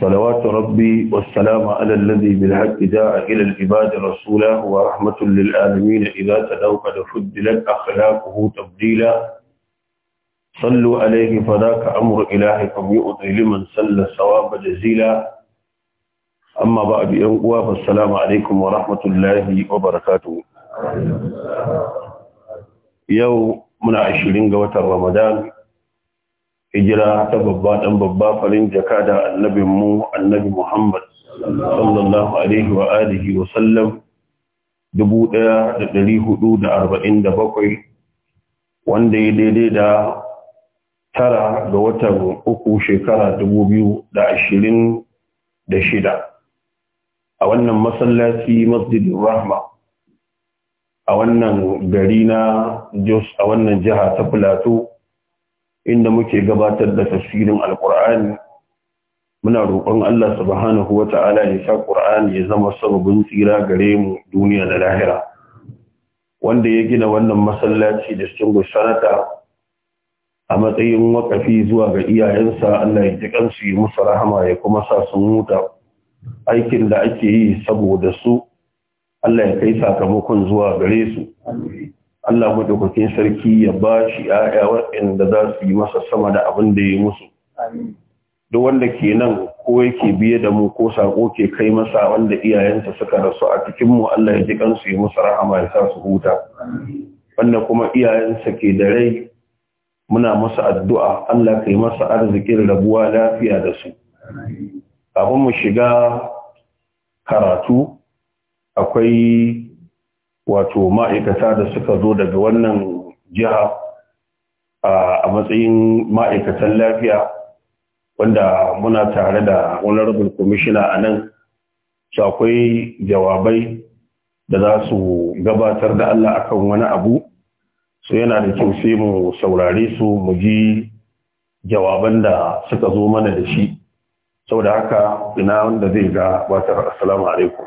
صلوات ربي والسلام على الذي بالحق جاء إلى العباد رسولا ورحمة للعالمين إذا تدعوا قد فدلت أخلاقه تبديلا صلوا عليه فذاك أمر إلهكم يؤذي لمن سل الصواب جزيلا أما بعد ينقوى فالسلام عليكم ورحمة الله وبركاته يوم من عشرين قوة رمضان hijira ta babba ɗan babba farin jaka da annabi mu annabi Muhammad sallallahu alaihi wa alihi wa sallam 1447 wanda ya daidai da tara ga watan uku shekara 2026 a wannan masallaci masjidin rahma a wannan gari na Jos a wannan jiha ta Plateau inda muke gabatar da tafsirin alkur'ani muna roƙon Allah subhanahu wa ta'ala ya sa Qur'ani ya zama sababin tsira gare mu duniya da lahira wanda ya gina wannan masallaci da cikin sanata a matsayin wakafi zuwa ga iyayensa Allah ya jikan su yi musu rahama ya kuma sa su huta aikin da ake yi saboda su Allah ya kai sakamakon zuwa gare su Allah madaukakin sarki ya ba shi ‘ya'ya waɗanda za su yi masa sama da abin da ya musu. Duk wanda ke nan ko yake biye da mu ko sako ke kai masa wanda iyayensa suka rasu a cikinmu Allah ya ji kansu yi musu rahama ya sa su huta. Wanda kuma iyayensa ke da rai muna masa addu'a Allah ka yi masa arzikin rabuwa lafiya da su. Kafin mu shiga karatu akwai wato ma'aikata da suka zo daga wannan jiha a matsayin ma'aikatan lafiya wanda muna tare da honorable commissioner a nan akwai jawabai da za su gabatar da Allah akan wani abu su yana da kyau sai mu saurare su mu ji jawaban da suka zo mana da shi Sau da haka ina wanda zai ga batar assalamu alaikum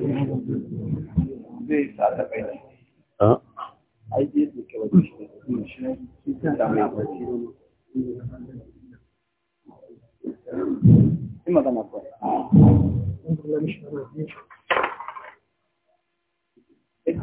zai sa ka a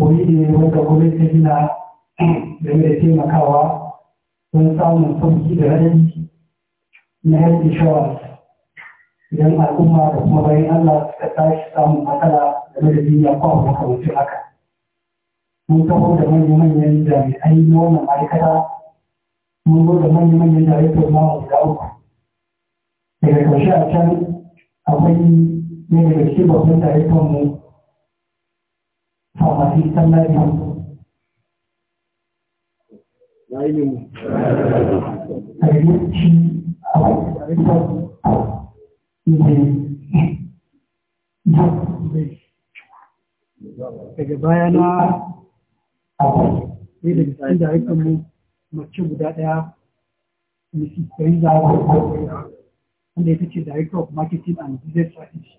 koyi ne wanda gwamnati ta gina game da taimakawa don samun sauki da radadi na health insurance idan al'umma da kuma bayan Allah suka tashi samun matsala game da duniya ko abu makamancin haka. Mun taho da manya-manyan jami'ai na wannan ma'aikata, mun zo da manya-manyan jami'ai na guda uku. Daga ƙarshe a can akwai ne daga cikin babban jami'an mu a fi sallar a yi ci a daga da aikin mu mace guda daya mrs teresa wanda ita ce director of marketing and business strategy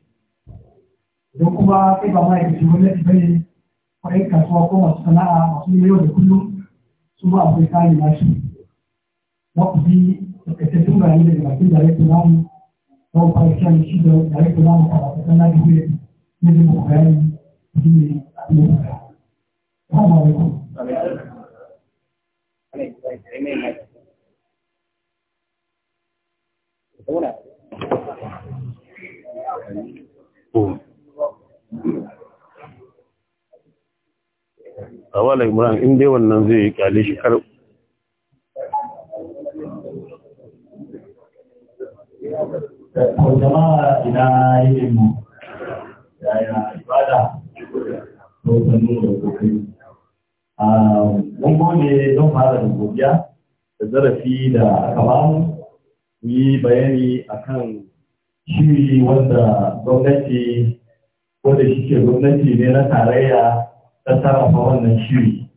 da kuma kai ba ma yake gwamnati bane kwarai kasuwa ko masu sana'a masu yau da kullum su ba akwai kayan nashi za ku bi takaitattun bayani daga bakin darekta namu za ku shi da darekta namu a na da na jin ku bayani shi ne a ɗaya ku da. Assalamu alaikum. Oh. awala imran in dai wannan zai kyale shi kar jama'a ina yin mu da mun gode don fara da da zarafi da aka bamu yi bayani akan shiri wanda gwamnati wanda shi ke gwamnati ne na tarayya ta sarrafa wannan shiri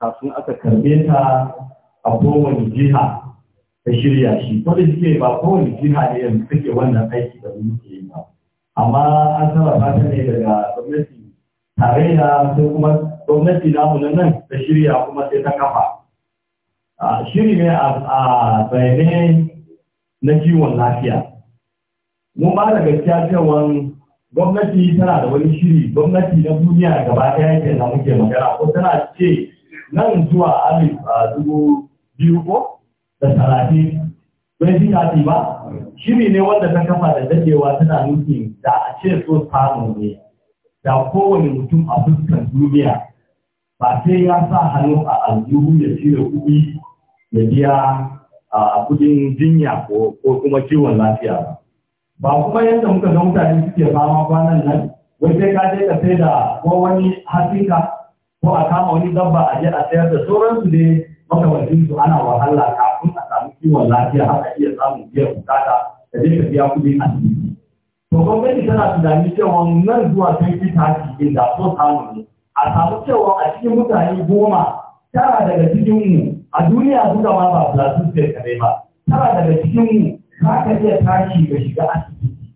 kafin aka karbe ta a kowane jiha ta shirya shi wanda shi ke ba kowane jiha ne yanzu take wannan aiki da ke yi ba amma an sarrafa ta ne daga gwamnati tarayya sai kuma gwamnati namu na nan ta shirya kuma sai ta kafa shiri ne a bayanai na kiwon lafiya mun ba da gaskiya cewa gwamnati tana da wani shiri gwamnati na duniya gaba ɗaya ke na muke magana ko tana ce nan zuwa alif a dubu biyu ko da talatin bai ji daɗi ba shiri ne wanda ta kafa da dadewa tana nufi da a ce so samu ne da kowane mutum a fuskan duniya ba sai ya sa hannu a aljihu ya cire kuɗi ya biya a kudin jinya ko kuma kiwon lafiya ba ba kuma yadda muka ga mutane suke fama kwanan nan wai sai ka je ka sai da ko wani hasinka ko a kama wani dabba a je a sayar da sauransu ne makamancin su ana wahala kafin a samu kiwon lafiya haka iya samun biyan bukata da dai ka biya a asibiti. To gwamnati tana tunani cewa nan zuwa sun fi cikin da so samu ne a samu cewa a cikin mutane goma tara daga cikinmu a duniya duka ma ba platin sai kare ba tara daga cikinmu ka ka iya tashi ga shiga asibiti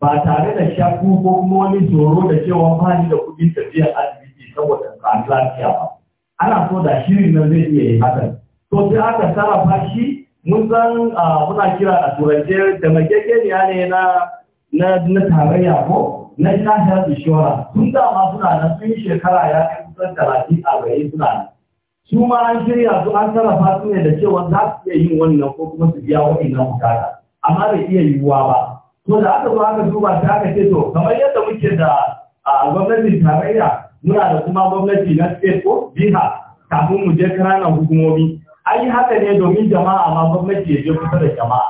ba tare da shakku ko kuma wani tsoro da cewa ba ni da kuɗin tafiyar asibiti saboda ka lafiya ba ana so da shirin nan zai iya yi hakan to sai aka sarrafa shi mun san muna kira a turance da magegeniya ne na na tarayya ko na national insurance tun dama suna nan sun shekara ya kai kusan talatin arba'in suna nan su ma an shirya su an sarrafa su ne da cewa za su iya yin wannan ko kuma su biya na bukata amma bai iya yiwuwa ba to da aka zo aka duba ta aka ce to kamar yadda muke da gwamnatin tarayya muna da kuma gwamnati na state ko biha kafin mu je kananan hukumomi an yi haka ne domin jama'a ma gwamnati ya je kusa da jama'a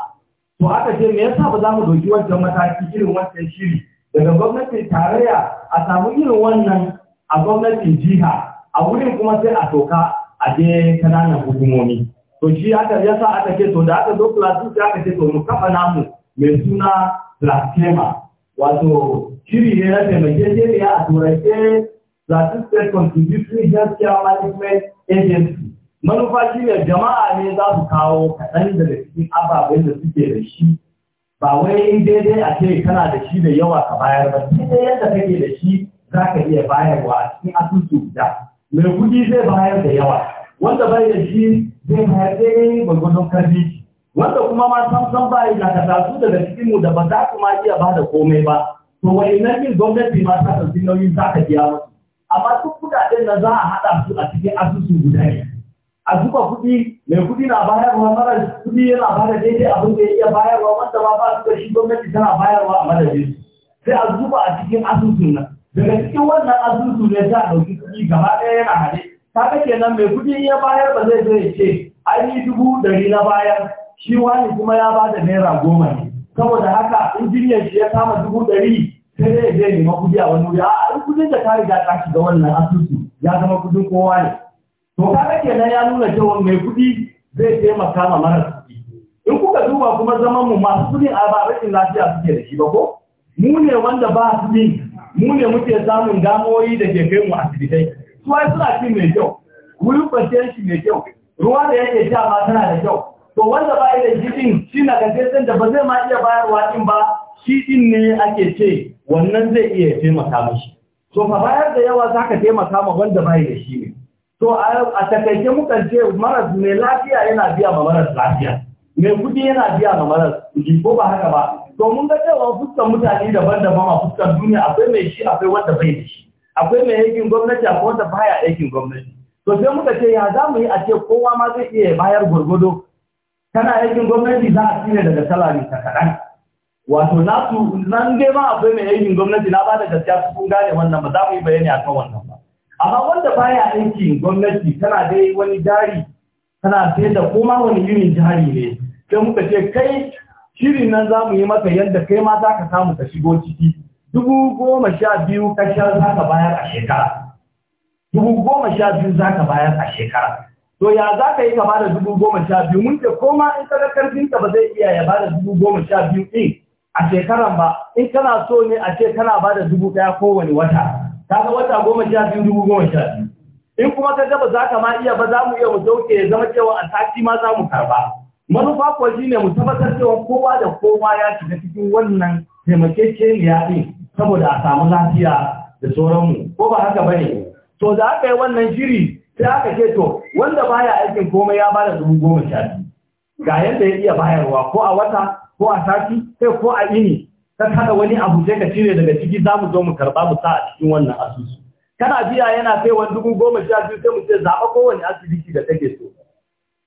to aka ce me yasa ba za mu doki wancan mataki irin wancan shiri daga gwamnatin tarayya a samu irin wannan a gwamnatin jiha a wurin kuma sai a toka a je kananan hukumomi to shi aka yasa aka ce to da aka zo platin sai aka ce to mu kafa namu mai suna blasphema wato shiri ne na ya a turance platin state contributory care management agency manufa shi ne jama'a ne za su kawo kaɗan daga cikin ababen da suke da shi ba wai in daidai a ce kana da shi da yawa ka bayar ba shi ne yadda kake da shi za ka iya bayarwa a cikin asusu guda mai kuɗi zai bayar da yawa wanda bai da shi zai haɗe gwagwadon karfi wanda kuma ma san san yi na katasu daga cikin mu da ba za su ma iya ba da komai ba to nan yin gwamnati ma ta ɗauki nauyin za ka biya wasu amma duk kuɗaɗen na za a haɗa su a cikin asusun guda ne a zuba kuɗi mai kuɗi na bayarwa mara kuɗi yana ba da daidai abin da ya iya bayarwa wanda ma ba su da shi gwamnati tana bayarwa a madadin sai a zuba a cikin asusun nan daga cikin wannan asusun ne za a ɗauki kuɗi gaba ɗaya yana haɗe kaga kenan mai kudi ya bayar ba zai zai ce an yi dubu dari na bayar shi wani kuma ya ba da naira goma ne saboda haka injiniyan shi ya kama dubu dari sai zai zai nema kudi a wani wuri a kudin da ta riga ta shiga wannan asusu ya zama kudin kowa ne to kaga kenan ya nuna cewa mai kudi zai taimaka ma maras kudi in kuka duba kuma zaman mu masu kudi a ba rashin lafiya suke da shi ba ko mu ne wanda ba kudin mu ne muke samun damoyi da ke kai mu asibitai tuwa suna shi mai kyau wurin kwanciyar shi mai kyau ruwa da yake sha ma tana da kyau to wanda ba da jikin shi na sun da ba zai ma iya bayarwa din ba shi din ne ake ce wannan zai iya taimaka mashi to fa bayar da yawa za ka taimaka ma wanda ba da shi ne to a takaice mukan ce maras mai lafiya yana biya ma maras lafiya mai kudi yana biya ma maras kudi ko ba haka ba to mun ga cewa fuskan mutane daban-daban a fuskan duniya akwai mai shi akwai wanda bai da shi akwai mai aikin gwamnati akwai wanda baya aikin gwamnati to sai muka ce ya za mu yi a ce kowa ma zai iya bayar gwargwado kana aikin gwamnati za a cire daga salari ta kaɗan wato na su nan dai ma akwai mai aikin gwamnati na ba da gaskiya su kun gane wannan ba za mu yi bayani a kan wannan ba amma wanda baya aikin gwamnati tana dai wani jari tana sai da koma wani irin jari ne sai muka ce kai shirin nan za mu yi maka yadda kai ma za ka samu ka shigo ciki dubu goma sha biyu kashar za ka bayar a shekara dubu goma sha biyu za ka bayar a shekara to ya za ka yi ka bada dubu goma sha biyu mun ce koma in ka ga karfinka ba zai iya ya bada dubu goma sha biyu ɗin a shekaran ba in kana so ne a ce kana bada dubu ɗaya kowane wata ga wata goma sha biyu dubu goma sha biyu in kuma ka gaba za ka ma iya ba za mu iya mu sauke ya zama cewa a sati ma za mu karba manufa kuwa shine mu tabbatar cewa kowa da kowa ya shiga cikin wannan taimakekeniya ɗin saboda a samu lafiya da sauranmu ko ba haka bane to da aka yi wannan shiri sai aka ce to wanda baya aikin komai ya bada dubu goma sha ga yadda ya iya bayarwa ko a wata ko a sati sai ko a ini ka kada wani abu sai ka cire daga ciki za mu zo mu karɓa mu sa a cikin wannan asusu kana biya yana kai wani dubu goma sha biyu sai mu ce zaɓa kowane asibiti da kake so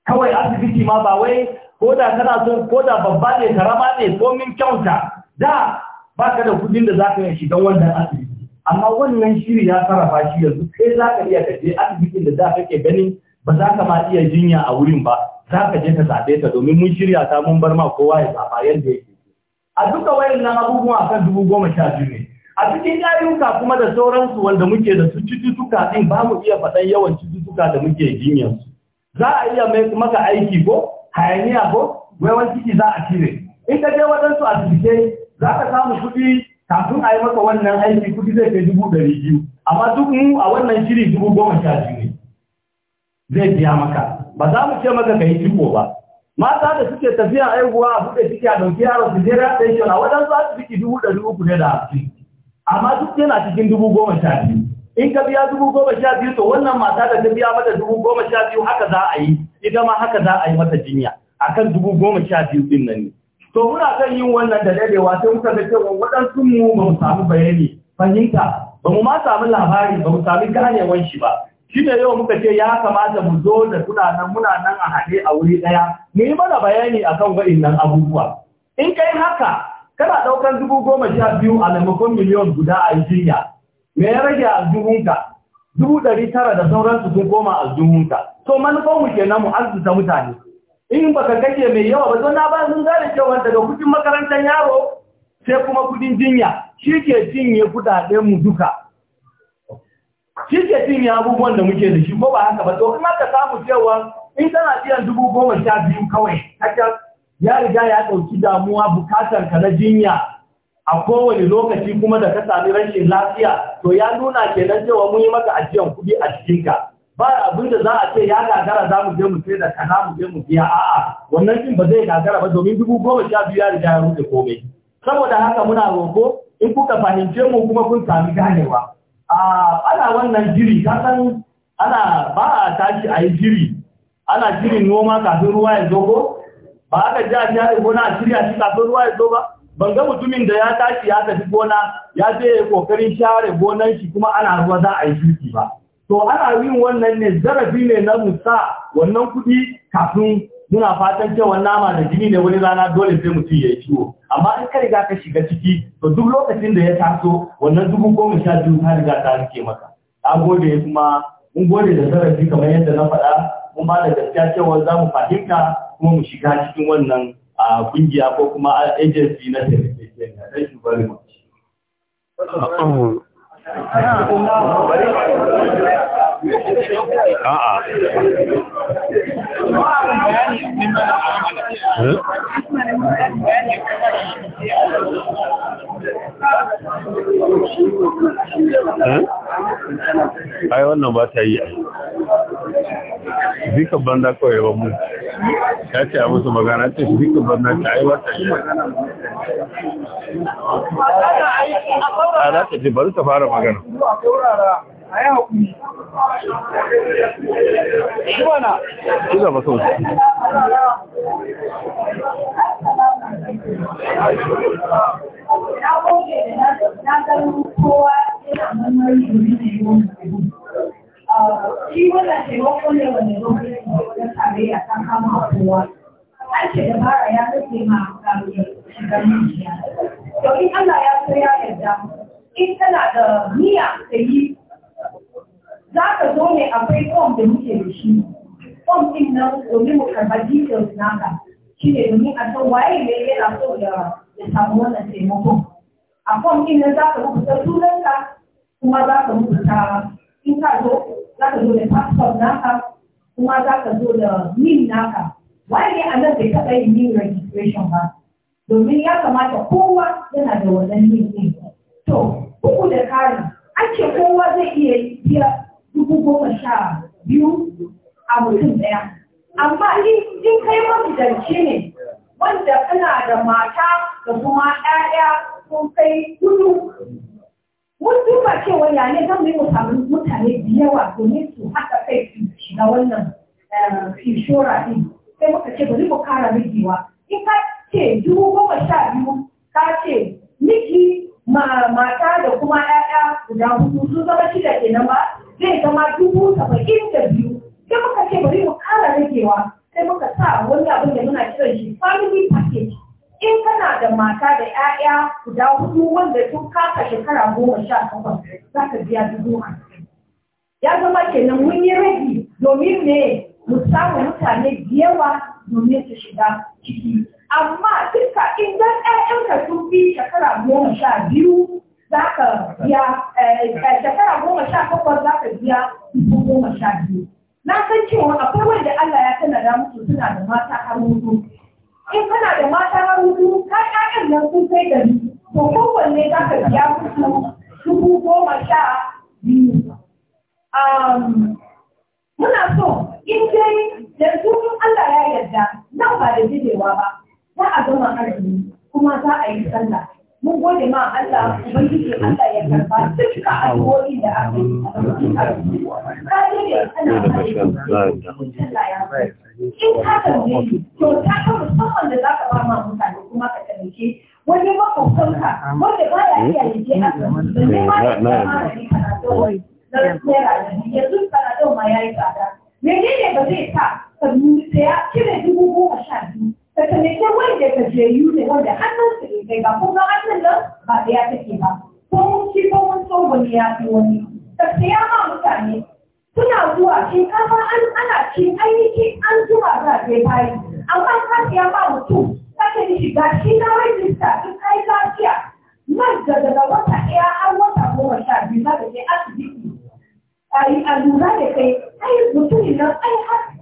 kawai asibiti ma ba wai ko da kana so ko da babba ne karama ne ko min kyauta da ba ka da kudin da za ka yi don wannan asibiti amma wannan shiri ya sarrafa shi yanzu kai za ka iya kaje asibitin da za ka ke ganin ba za ka ma iya jinya a wurin ba za ka je ka zaɓe ta domin mun shirya ta mun bar ma kowa ya zaɓa yadda yake a duka wayan nan abubuwa kan dubu goma sha biyu ne a cikin ayyuka kuma da sauransu wanda muke da su cututtuka din ba mu iya faɗan yawan cututtuka da muke jinyar su za a iya mai maka aiki ko hayaniya ko wai wani ciki za a cire in ka je waɗansu asibitai za ka samu kuɗi kafin a yi maka wannan aiki kuɗi zai kai dubu ɗari biyu amma duk mu a wannan shiri dubu goma sha biyu ne zai biya maka ba za mu ce maka ka yi ciko ba mata da suke tafiya aihuwa a buɗe ciki a ɗauki yaro su jera ɗaya shi a wajen za su ciki dubu ɗari uku ne da hamsin amma duk yana cikin dubu goma sha biyu in ka biya dubu goma sha biyu to wannan mata da ta biya mata dubu goma sha biyu haka za a yi ita ma haka za a yi mata jinya akan dubu goma sha biyu ɗin nan ne to muna kan yin wannan da dadewa sai muka ga cewa waɗansu mu ba mu samu bayani fahimta ba mu ma samu labari ba mu sami ganewan shi ba shi ne yau muka ce ya kamata mu zo da suna nan muna nan a haɗe a wuri ɗaya mu yi mana bayani a kan waɗannan abubuwa in kai haka kana ɗaukar dubu goma sha biyu a maimakon miliyon guda a jinya me ya rage aljihunka dubu ɗari tara da sauransu sun koma aljihunka to manufan mu kenan mu arzuta mutane in baka kake mai yawa ba na ba sun gane cewa daga kudin makarantar yaro sai kuma kudin jinya shi cinye kudaden mu duka shi cinye abubuwan da muke da shi ko ba haka ba to kuma ka samu cewa in kana biyan dubu goma sha biyu kawai haka ya riga ya ɗauki damuwa bukatar ka na jinya a kowane lokaci kuma da ka sami rashin lafiya to ya nuna kenan cewa mun yi maka ajiyan kuɗi a cikinka ba abin da za a ce ya gagara za mu je mu sai da kaza mu je mu biya a'a wannan din ba zai gagara ba domin dubu goma sha biyu ya riga ya rufe komai saboda haka muna roko in kuka fahimce mu kuma kun sami ganewa a ana wannan jiri ka san ana ba a tashi a yi jiri ana jirin noma kafin ruwa ya zo ko ba aka ji a jari gona a shirya shi kafin ruwa ya zo ba ban ga mutumin da ya tashi ya tafi gona ya je kokarin share gonan shi kuma ana ruwa za a yi shuki ba to ana yin wannan ne zarafi ne na musa wannan kuɗi kafin muna fatan cewa nama da jini ne wani rana dole sai mutum ya yi ciwo amma in ka riga ka shiga ciki to duk lokacin da ya taso wannan dubu goma sha biyu ta riga ta rike maka a gode kuma mun gode da zarafi kamar yadda na faɗa mun ba da gaskiya cewa za mu fahimta kuma mu shiga cikin wannan kungiya ko kuma agency na taimakon da shugaban a'a Eh? Eh? ai wannan ba ta yi yi. Zika banda kawai ba mu ya ce a musu magana ce zika banda ta yi ba ta yi a za ta ji bari ta fara magana a yi haƙuri shi mana shi da sau shi wannan taimako ne wanda gwamnati ta ta kama kowa da ya rufe ma um, shigar ya tana da niyya ta za ka zo ne akwai form da muke da shi form din nan domin mu karɓar details naka shi ne domin a san waye ne yana so da ya samu wannan taimako a form din nan za ka rubuta sunanka kuma za ka rubuta in ka zo za ka zo da passport naka kuma za ka zo da min naka waye ne a nan bai taɓa yin min registration ba domin ya kamata kowa yana da wannan min din to uku da kari an ce kowa zai iya biya dubu goma sha biyu a mutum ɗaya. Amma in kai mafidance ne wanda kana da mata da kuma ɗaya sun kai kudu. Mun duba cewa ya ne zan yi samu mutane da yawa domin su haka kai su shiga wannan eh, inshora ɗin. Sai muka ce bari mu kara rigewa. In ka ce dubu goma sha biyu ka ce miki mata da kuma ‘ya'ya guda hudu sun zama shida kenan ba zai zama dubu saba'in da biyu sai muka ce bari mu kara ragewa sai muka sa wani abin da muna kiran shi family package in kana da mata da 'ya'ya guda hudu wanda sun kasa shekara goma sha takwas za ka biya dubu hamsin ya zama kenan mun yi rage domin me mu samu mutane da yawa domin su shiga ciki amma duka idan 'ya'yanka sun fi shekara goma sha biyu za ka biya eh, eh, shekara goma sha takwas za ka biya dubu goma sha biyu. Na san cewa akwai wanda Allah ya tana da mutu suna da mata har hudu. In kana da mata har hudu ka ƴaƴan nan sun kai gari to kowanne za ka biya musu dubu goma sha biyu. Um, muna so in dai yanzu in Allah ya yarda nan ba da jirewa ba za a gama azumi kuma za a yi sallah. mun gode ma Allah ubangiji Allah ya karba duka addu'o'i da aka yi a cikin ka dade kana in ka kalle to ta ka musamman da za ka ba ma mutane kuma ka taimake wani makwabtanka wanda ba ya iya yaje asibiti eh, da ne ma ya kama da karatun yanzu karatun ma ya yi tsada menene ba zai sa ka saya cire dubu goma sha biyu ka taimake wanda ka je yi ne wanda hannun su ne kai ba kuma hannun nan ba da ya take ba ko mun ci ko mun so wani ya fi wani ka ya ma mutane suna zuwa shinkafa an ana cin ainihi an zuwa za a kai bayi amma ka saya ba mutum ka ce mishi shi na rajista in kai lafiya nan da daga wata ɗaya har wata goma sha biyu za ka je asibiti a yi a lura da kai ai mutumin nan ai har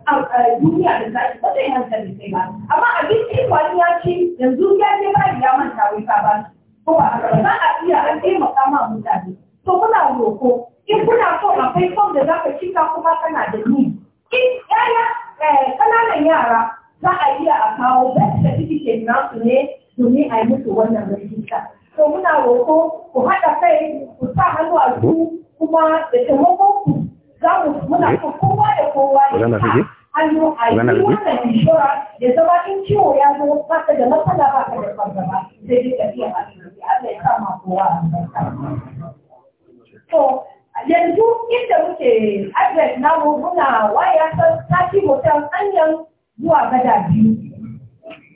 duniya da zaki ba zai hankali sai ba amma abinci da ya ci yanzu ya je ba ya manta wai ka ba ko ba za a iya an taimaka ma mutane to kuna roko in kuna so akwai fom da za ka cika kuma kana da ni in yaya kananan eh, yara za a iya a kawo best certificate nasu ne domin a yi musu wannan rajista to muna roko ku haɗa kai ku sa hannu a su kuma da taimakon ku za mu muna da kowa ya hannu a yi inshora zama in ciwo ya zo da matsala ba a cikin Allah ya kowa a to yanzu inda muke adres namu muna waya ta tafi hotel hanyar zuwa gada biyu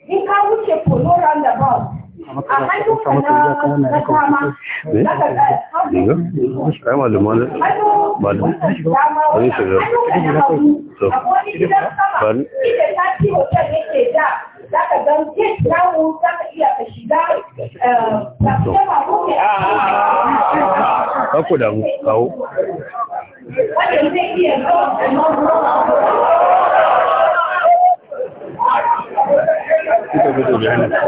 in ka wuce polo roundabout ai malama ne ba da wani shiga so ba iya ka shiga ba suka fito da hannu mai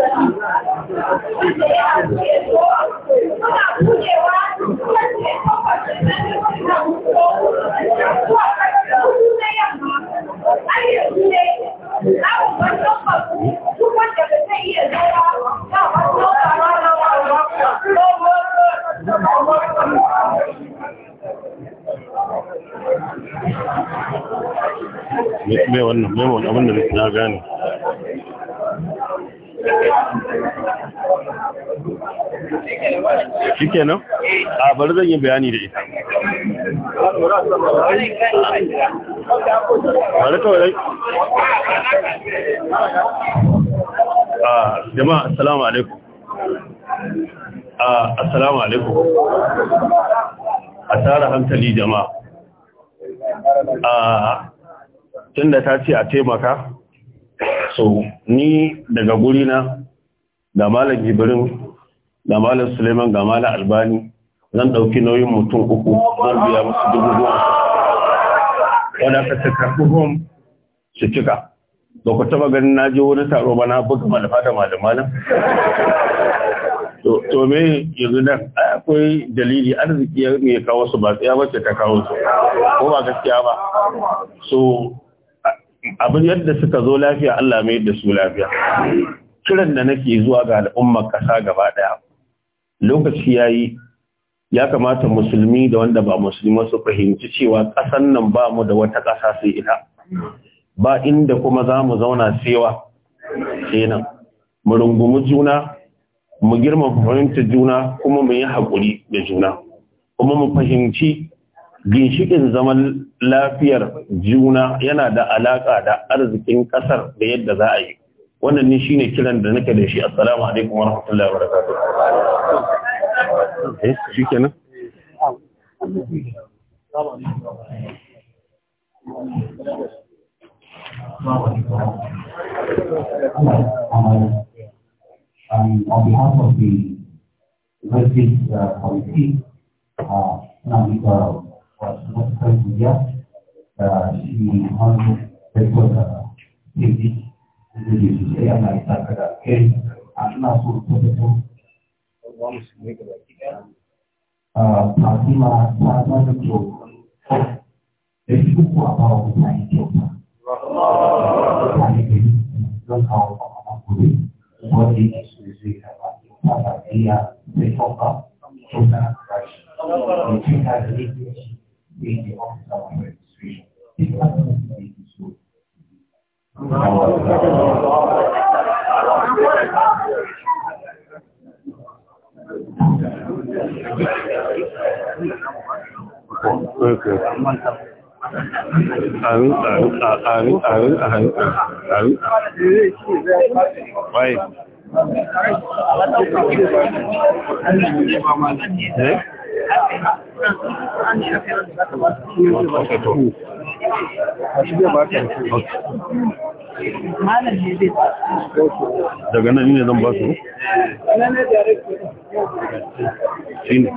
wannan mai wannan abin da na gane shi kenan a bari zan yi bayani da ita bari kawai a jama'a assalamu alaikum a assalamu alaikum a tsara hankali jama'a a tun da ta ce a taimaka so ni daga gurina da malam jibirin da malam suleiman ga malam albani zan ɗauki nauyin mutum uku zan biya musu dubu goma wanda aka ta karɓi hom su cika ba ku taba ganin na je wani taro ba na buga malafa da malamalan to me yanzu nan akwai dalili arziki ya ne kawo su ba tsaya wacce ta kawo su ko ba gaskiya ba so abin yadda suka zo lafiya Allah mai yadda su lafiya kiran da nake zuwa ga al'ummar kasa gaba daya lokaci ya yi ya kamata musulmi da wanda ba musulmi su fahimci cewa ƙasan nan ba mu da wata ƙasa sai ita ba inda kuma za mu zauna sewa kenan mu rungumi juna mu girmama fahimtar juna kuma mu yi haƙuri da juna kuma mu fahimci ginshiƙin zaman lafiyar juna yana da alaƙa da arzikin ƙasar da yadda za a yi wannan ne shine kiran da nake da shi assalamu alaikum warahmatullahi wabarakatuh eh shi kenan Um, on behalf of the British uh, committee, uh, uh, uh, uh is the and 呃，放心吧，他他们就，没出过啊，我们才去的。哦。才去的，刚好帮他们鼓励。我弟弟是是台湾，他才毕业，没工作，中间开始，你亲爱的弟弟，弟弟帮着我们，虽然，第三年结束。哦。Wai. daga nan ne zan ba su shi ne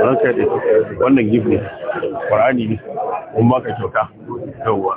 ranka da wannan gif ƙwarani ne kuma ka kyauta yauwa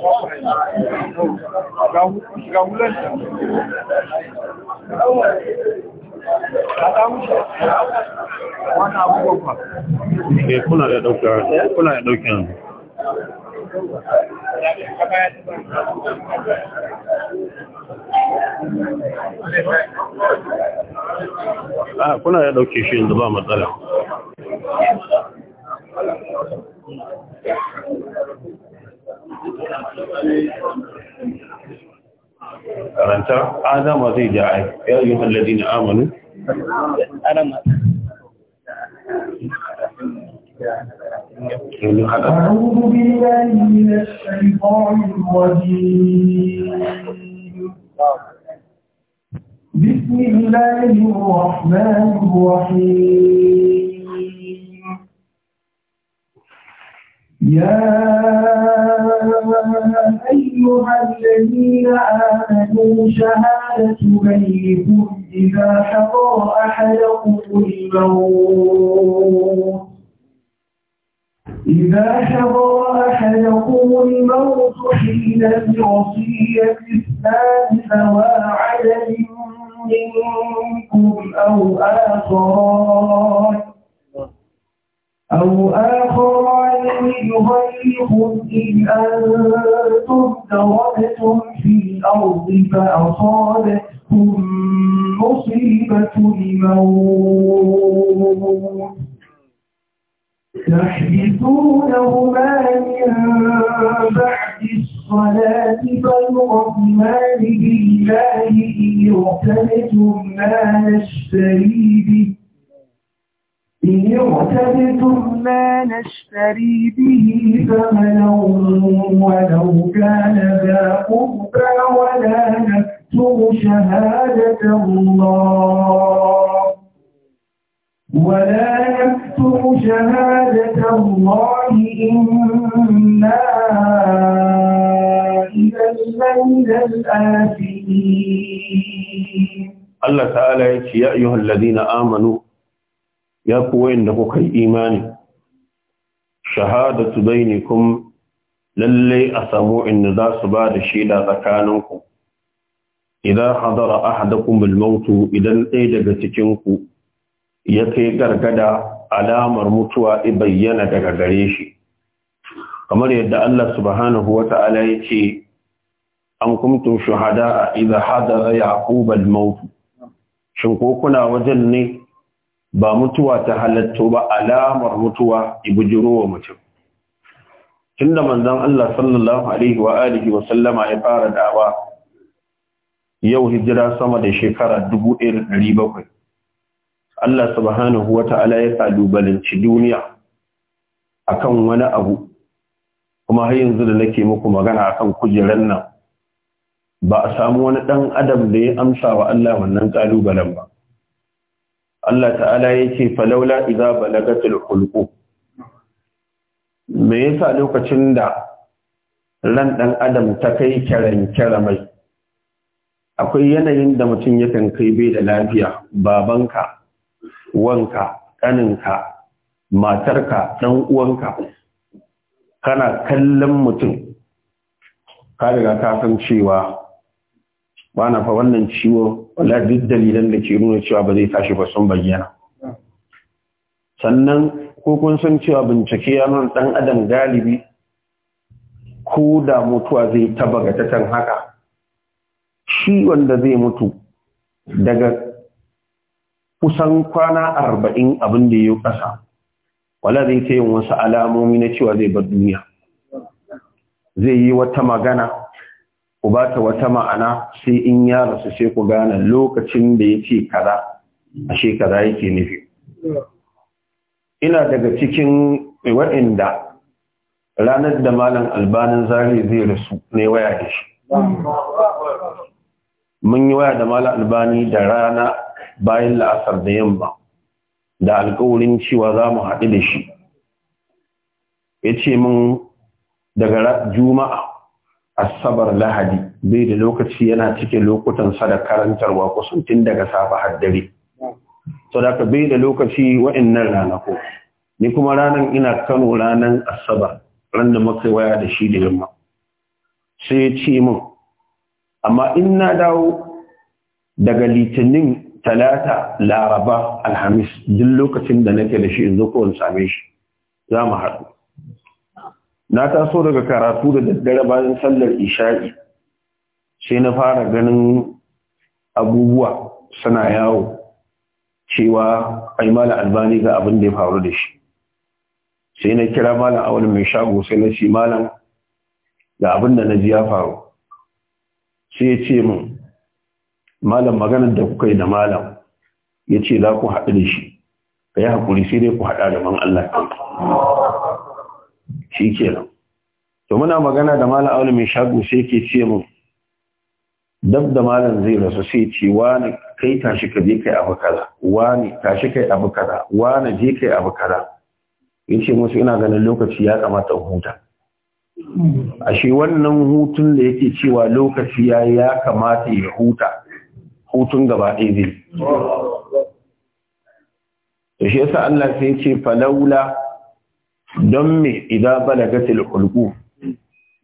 Eh, kuna da ah, ɗauke shi yanzu ba matsala karanta adama zai ja ai ya yi hallazi na amalu أعوذ بالله من الشيطان الرجيم بسم الله الرحمن الرحيم يا أيها الذين آمنوا شهادة بينكم إذا حضر أحدكم الموت إذا حضر أحدكم الموت حين الوصية الثالث وعد منكم أو آخرات أو آخر آخرين يغيركم إن أنتم ضربتم في الأرض فأصابتكم مصيبة الموت يحدثونهما من بعد الصلاة فيقسمان بالله إن ارتبتم ما نشتري به إن اعتدتم ما نشتري به ثمنا ولو كان ذا قربى ولا نكتم شهادة الله ولا نكتم شهادة الله إنا إذا من الآثمين الله تعالى يا أيها الذين آمنوا ya ku wayanda kuka yi imani shahadatu bainakum lallai a samu inda za su ba da shaida tsakaninku idan hadara ahadakum al-maut idan ɗaya daga cikin ku ya kai gargada alamar mutuwa bayyana daga gare shi kamar yadda Allah subhanahu wata'ala ya ce an kuntum shahada a idha hadara yaqub al-maut shin ko kuna wajen ne ba mutuwa ta halatto ba alamar mutuwa ibujiro wa mutum tunda manzon Allah sallallahu alaihi wa alihi wa sallama ya fara da'awa yau hijira sama da shekara 1700 Allah subhanahu wata'ala ya kalubalanci duniya akan wani abu kuma har yanzu da nake muku magana akan kujeran nan ba a samu wani dan adam da ya amsa wa Allah wannan kalubalen ba Allah ta'ala ya ce falaula idza balagatul hulqu me yasa lokacin da ran ɗan adam ta kai kiran kiramai akwai yanayin da mutum yakan kai bai da lafiya babanka wanka kaninka matarka ɗan uwanka kana kallon mutum ka riga ka san cewa ba na fa wannan ciwo wala duk dalilan da ke nuna cewa ba zai tashi ba sun bayyana sannan ko kun san cewa bincike ya nuna dan adam galibi ko da mutuwa zai taba gatatan haka shi wanda zai mutu daga kusan kwana arba'in abin da ya yi ƙasa wala zai ta yin wasu alamomi na cewa zai bar duniya zai yi wata magana ku ba ta wata ma'ana sai in ya rasu sai ku gane lokacin da ya ce kaza a shekara yake nufi ina daga cikin waɗanda ranar da malam albanin zari zai rasu ne waya da shi mun yi waya da malam albani da rana bayan la'asar da yamma da alkawarin cewa za mu haɗu da shi ya ce min daga juma'a asabar lahadi bai da lokaci yana cike lokutan sada da karantarwa kusan tun daga safa har dare to bai da lokaci wa'annan ranako ni kuma ranan ina Kano ranan asabar ran da muka waya da shi da yamma sai ya ce min amma in na dawo daga litinin talata laraba alhamis duk lokacin da nake da shi in zo ko in same shi za mu haɗu na taso daga karatu da daddare bayan sallar isha'i sai na fara ganin abubuwa suna yawo cewa aimala albani ga abin da ya faru da shi sai na kira malam a wani mai shago sai na shi malam ga abin da na ji ya faru sai ya ce min malam maganar da kuka yi da malam ya ce za ku haɗu da shi ka yi haƙuri sai dai ku haɗa da man Allah shi nan. to muna magana da malam aulu mai shago sai ke ce mu, dab da malam zai rasu sai ce wani kai tashi ka je kai abu kaza wani tashi kai abu kaza wani je kai abu kaza ce musu ina ganin lokaci ya kamata in huta ashe wannan hutun da yake cewa lokaci ya ya kamata ya huta hutun gaba ɗaya zai to shi yasa Allah sai ya ce falaula don me idan balagatil hulqu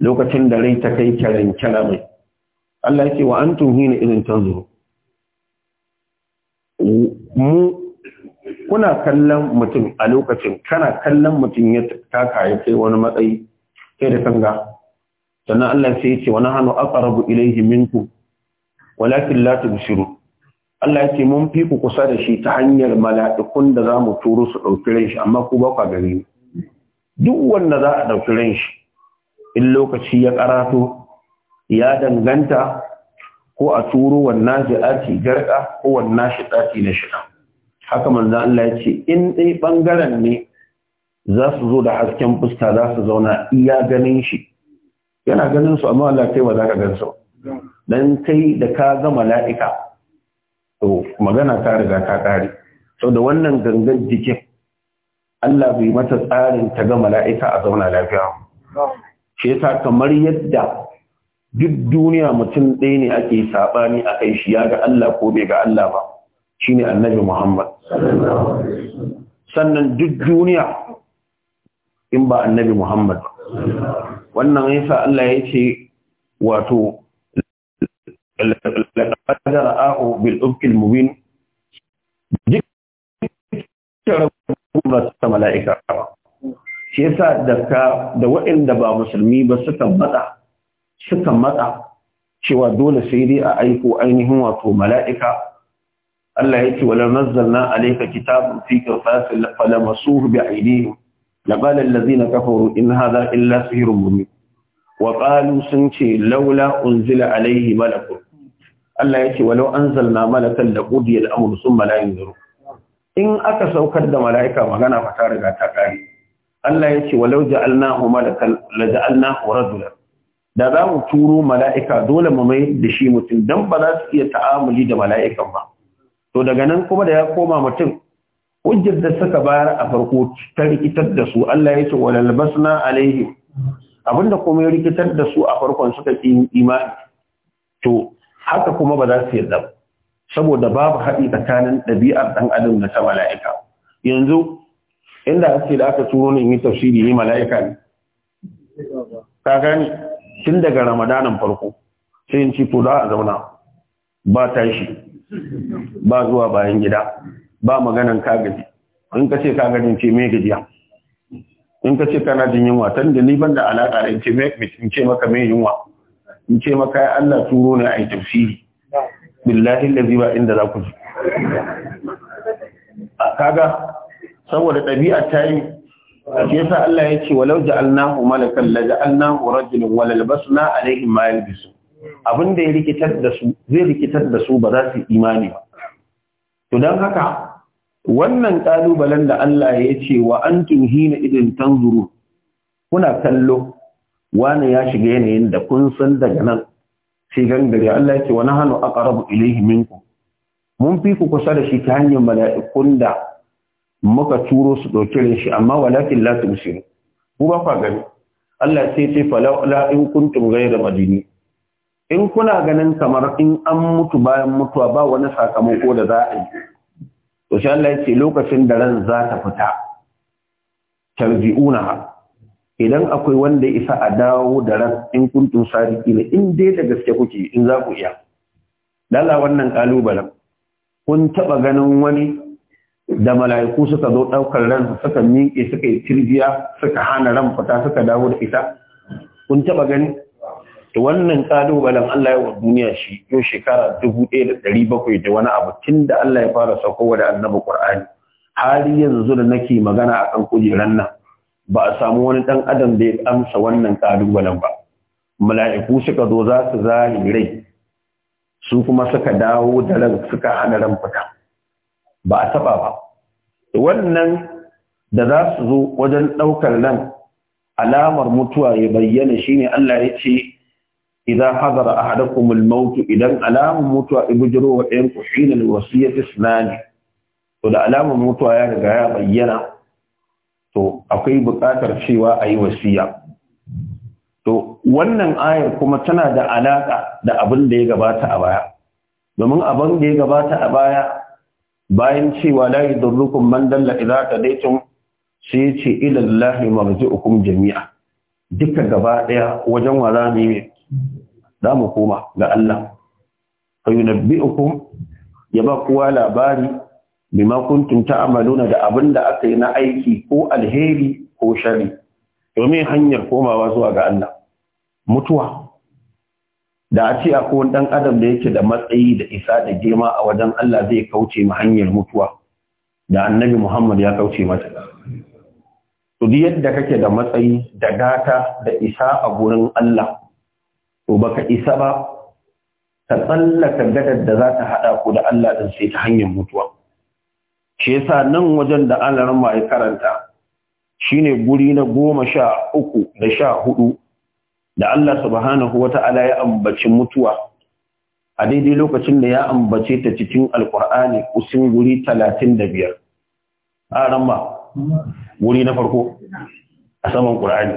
lokacin da rai ta kai kiran mai Allah yake wa antum hina idan tanzuru mu kuna kallon mutum a lokacin kana kallon mutum ya taka ya kai wani matsayi kai da kanga sannan Allah sai ya ce wa nahnu aqrabu ilayhi minkum walakin la tubshiru Allah ya ce mun fi ku kusa da shi ta hanyar mala'ikun da za mu turo su ɗauki shi amma ku ba kwa gari duk wanda za a ɗauki ran shi in lokaci ya ƙarato ya danganta ko a turo wannan ɗaci garka ko wannan ɗaci na shiɗa haka manzan Allah ya ce in dai bangaren ne za su zo da hasken fuska za su zauna iya ganin shi yana ganin su amma Allah kai ba za ka gan su dan kai da ka ga mala'ika to magana ta riga ta kare sau da wannan gangan jikin Allah bai mata tsarin ta ga mala'ika a zauna lafiya shi yasa kamar yadda duk duniya mutum ɗaya ne ake saɓani a kai shi ya ga Allah ko bai ga Allah ba Shi ne annabi Muhammad sannan duk duniya in ba annabi Muhammad wannan yasa Allah ya ce wato laqad ra'ahu bil ufqil mubin ƙunarsa mala’ikar kawa. Shi yasa da ka da wa’inda ba musulmi ba sukan matsa, cewa dole sai dai a aiko ainihin wato mala’ika. Allah ya ce wa lannazar na alaika kitabun fikir fasil fala masu bi ainihin labalin lazi na kafaru in haza illa sihirin mummi. Wa sun ce laula unzila alaihi malakun. Allah ya ce wa an zalna malakan da ƙudiyar amur sun mala'in zuru. in aka saukar da mala'ika magana ba ta riga ta kare Allah ya ce walau ja'alnahu malakan la ja'alnahu rajulan da za mu turo mala'ika dole mu mai da shi mutum dan ba za su iya ta'amuli da mala'ikan ba to daga nan kuma da ya koma mutum hujjar da suka bayar a farko ta rikitar da su Allah ya ce walal basna alaihi abinda kuma ya rikitar da su a farkon suka yi imani to haka kuma ba za su yarda saboda babu haɗi tsakanin ɗabi'ar ɗan adam da ta mala'ika yanzu inda ake da aka turo ne yi tafsiri yi mala'ika ne ta gani tun daga ramadanin farko sai yin ci da a zauna ba tashi ba zuwa bayan gida ba maganan kagaji in ka ce kagajin ce mai gajiya in ka ce kana jin yunwa tan da ni ban da alaƙa da in ce maka mai yunwa in ce maka ya Allah turo ne a yi tafsiri billahi lazi ba inda za ku ji kaga saboda ɗabi'a ta yi shi yasa Allah ya ce walau ja'alnahu malakan la ja'alnahu rajulan wa lalbasna alaihim ma yalbisu abin da ya rikitar da su zai rikitar da su ba za su imani ba to dan haka wannan kalubalen da Allah ya ce wa antum hina idin tanzuru kuna kallo wani ya shiga yanayin da kun san daga nan sai gari Allah yake wa nahnu aqrabu ilayhi minkum mun fi ku kusa da shi ta hanyar mala'ikun da muka turo su dauke da shi amma walakin la tumsiru ku ba fa gani Allah ya ce falaula in kuntum ghayra madini in kuna ganin kamar in an mutu bayan mutuwa ba wani sakamako da za a yi to shi Allah ya ce lokacin da ran za ta fita tarji'una idan akwai wanda isa a dawo da ran in kuntun sariki ne in dai da gaske kuke in za ku iya lalla wannan kalubalen kun taba ganin wani da mala'iku suka zo daukar ran suka miƙe suka yi tirjiya suka hana ran fita suka dawo da isa? kun taba gani to wannan kalubalen Allah ya wa duniya shi yau shekara 1700 da wani abu tunda Allah ya fara saukowa da annabi Qur'ani har yanzu da nake magana akan kujeran nan ba a samu wani ɗan adam da ya amsa wannan ƙalubalen ba mala'iku suka zo za su zari rai su kuma suka dawo da ran suka hana ran fita ba a taɓa ba wannan da za su zo wajen ɗaukar nan alamar mutuwa ya bayyana shine Allah ya ce idan hadara ahadakum al-maut idan alamar mutuwa ibjiro wa ɗayan ku hina al-wasiyyati sunani to da alamar mutuwa ya riga ya bayyana to akwai buƙatar cewa a yi wasiya to wannan ayar kuma tana da alaƙa da abin da ya gabata a baya domin abin da ya gabata a baya bayan cewa la yadurrukum man dalla idza tadaytum sai ya ce ilallahi marji'ukum jami'a duka gaba daya wajen wa zamu yi za mu koma ga Allah fa yunabbi'ukum ya ba kowa labari bima kuntum ta'maluna da abin da aka yi na aiki ko alheri ko shari domin hanyar komawa zuwa ga Allah mutuwa da a ce akwai wani dan adam da yake da matsayi da isa da gema a wajen Allah zai kauce ma hanyar mutuwa da annabi Muhammad ya kauce mata to duk yadda kake da matsayi da gata da isa a gurin Allah to baka isa ba ka tsallaka gadar da za ta haɗa ku da Allah din sai ta hanyar mutuwa shi yasa nan wajen da alaran ma ya karanta shine guri na goma sha uku da sha hudu da Allah subhanahu wata'ala ya ambaci mutuwa a daidai lokacin da ya ambace ta cikin alkur'ani kusin guri talatin da biyar a ran guri na farko a saman ƙur'ani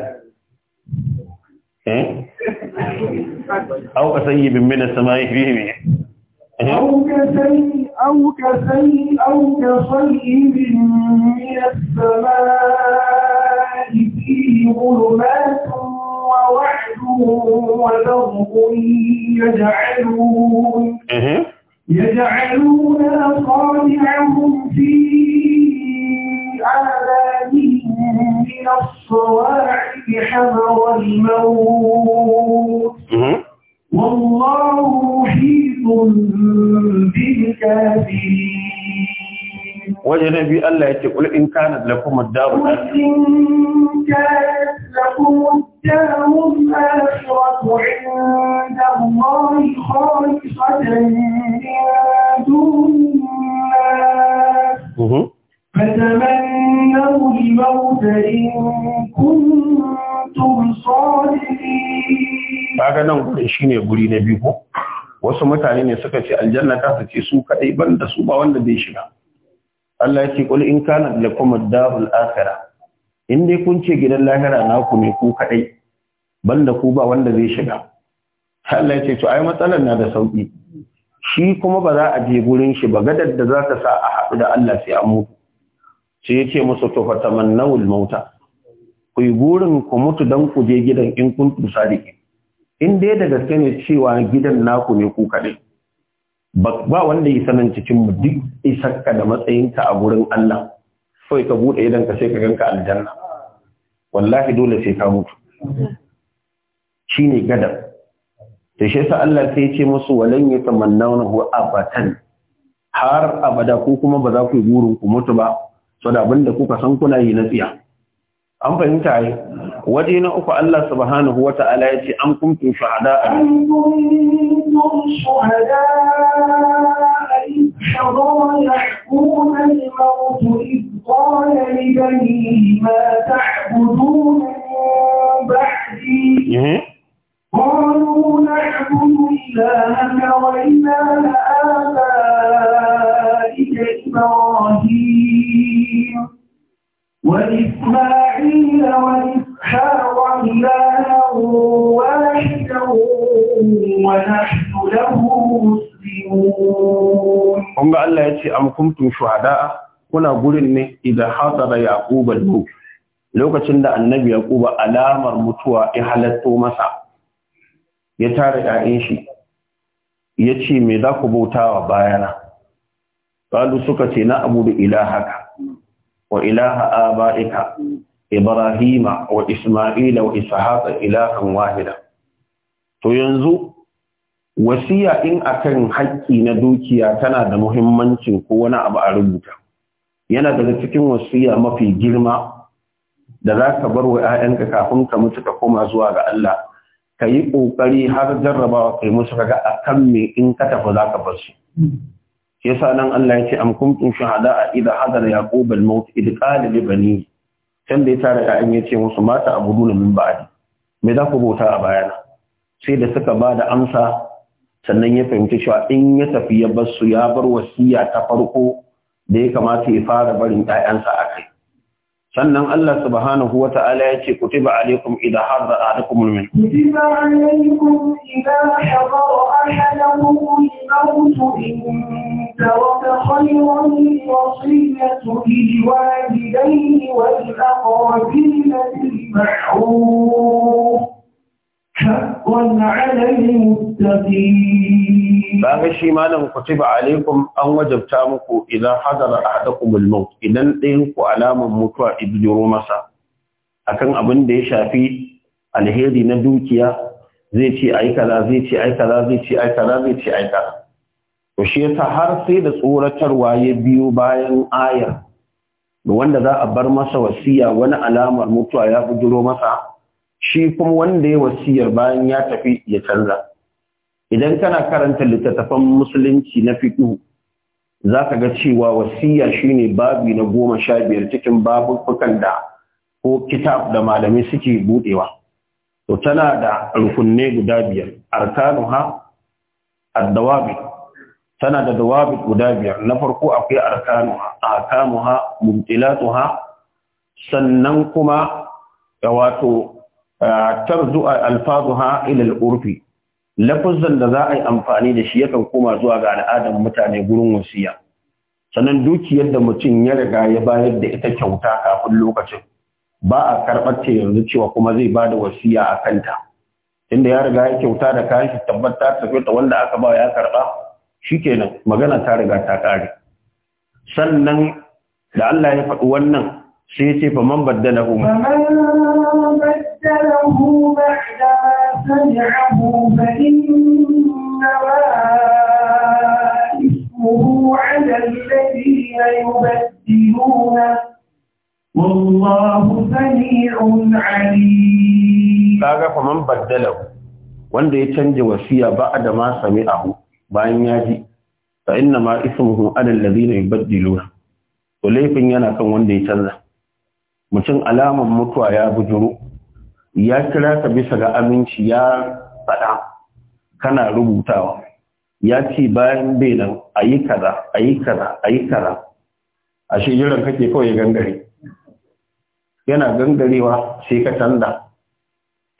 eh auka sayyibin mina sama'i fihi أه؟ أو كسيء أو كسيء أو كصيب من السماء فيه ظلمات ووحد وذرب يجعلون أه؟ يجعلون أصابعهم في آذانهم من الصواعق حذر الموت أه؟ والله محيط بالكافرين وجنبي الله يقول إن كانت لكم الدار وإن كانت لكم الدار الآخرة عند الله خالصة من دون الناس فتمنوا الموت إن kaga nan gurin shine guri na biyu ko wasu mutane ne suka ce aljanna ta sace su kadai banda su ba wanda zai shiga Allah ya ce qul in kana lakum ad-darul akhirah in dai kun ce gidan lahira naku ne ku kadai banda ku ba wanda zai shiga Allah ya ce to ai matsalar na da sauki shi kuma ba za a je gurin shi ba gadar da za ta sa a haɗu da Allah sai an mutu sai ya ce musu to fatamannawul mauta ku yi gurin ku mutu dan ku je gidan in kun tusa da in dai da gaske ne cewa gidan naku ne ku kaɗai ba wanda ya sanin cikin mu duk isakka da matsayinka a gurin Allah sai ka buɗe idan ka sai ka ganka aljanna wallahi dole sai ka mutu shine gadar da shi yasa Allah sai ya ce musu walan yatamannawnahu abatan har abada ko kuma ba za ku yi burin ku mutu ba saboda abinda kuka san kuna yi na tsiya an fahimta yi waje na uku Allah subhanahu wa ta'ala ya ce an kuntu shahada a mm إلهك وإله آبائك إبراهيم وإسماعيل وإسحاق إلها واحدا ونحن له مسلمون هم الله يتي أم كنتم شهداء kuna gudun ne idan hasara yaquba al lokacin da annabi yaquba alamar mutuwa ya halatto masa ya tare ƴaƴan shi yace me za ku bautawa bayana qalu suka ce na abudu haka. وإله آبائك إبراهيم وإسماعيل وإسحاق إلها واحدا to yanzu wasiya in akan haƙƙi na dukiya tana da muhimmancin ko wani abu a rubuta yana daga cikin wasiya mafi girma da za ka bar wa 'ya'yanka kafin ka mutu ka koma zuwa ga Allah ka yi ƙoƙari har jarrabawa kai musu kaga akan me in ka tafi za ka bar su yasa nan Allah ya ce am kuntum shuhada idha hadara yaqub al maut id qala li bani can da ya tare da an yace musu mata abuduna min ba'di me za ku bauta a bayana sai da suka ba da amsa sannan ya fahimci cewa in ya tafi ya bar su ya bar wasiya ta farko da ya kamata ya fara barin ɗayansa a kai sannan Allah subhanahu wa ta'ala ya ce kutiba alaikum idha hadara ahadakum al maut kutiba alaikum idha hadara ahadakum al maut ترك خيرا الوصية للوالدين والأقربين بالمعروف حقا على المتقين باغي شي مالهم كتب عليكم أن وجبتا إذا حضر أحدكم الموت إذا ɗayanku alamun mutuwa ibjiro masa akan abin da ya shafi alheri na dukiya zai ce ai zai ce ai zai ce ai zai Yaushe shi yasa har sai da tsoratarwa ya biyo bayan ayar wanda za a bar masa wasiya wani alamar mutuwa ya bujuro masa shi kuma wanda ya wasiyar bayan ya tafi ya canza idan kana karanta littattafan musulunci na fiɗu, za ka ga cewa wasiya shine babi na goma sha biyar cikin babukan da ko kitab da malamai suke buɗewa to tana da rukunne guda biyar arkanuha addawabi tana da dawabit guda biyar na farko akwai arkanuha mumtilatuha sannan kuma eh, wato eh, tarzu'a alfazuha ila al-urfi lafazan da za a yi amfani da shi yakan koma zuwa ga al'adar mutane gurin wasiya sannan dukiyar da mutum ya riga ya bayar da ita kyauta kafin lokacin ba a karɓar ta yanzu cewa kuma zai ba da wasiya a kanta inda ya riga ya kyauta da kayan shi tabbata tafi ta wanda aka ba ya karɓa shikenan magana ta riga ta kare sannan da Allah ya faɗi wannan sai ya ce fa man baddala baddalahu man baddalahu ba'da ma sami'ahu fa inna ma ismuhu 'ala alladhina yubaddiluna wallahu sami'un 'alim kaga fa man baddala wanda ya canja wasiya ba'da ma sami'ahu bayan ya ji fa inna ma ismuhu ala alladhina yubaddiluna to laifin yana kan wanda ya canza mutum alaman mutuwa ya bujuru ya kira ka bisa ga aminci ya faɗa kana rubutawa ya ce bayan bai nan a yi kaza a yi kaza a yi kaza a shi jiran kake kawai gangare yana gangarewa sai ka canza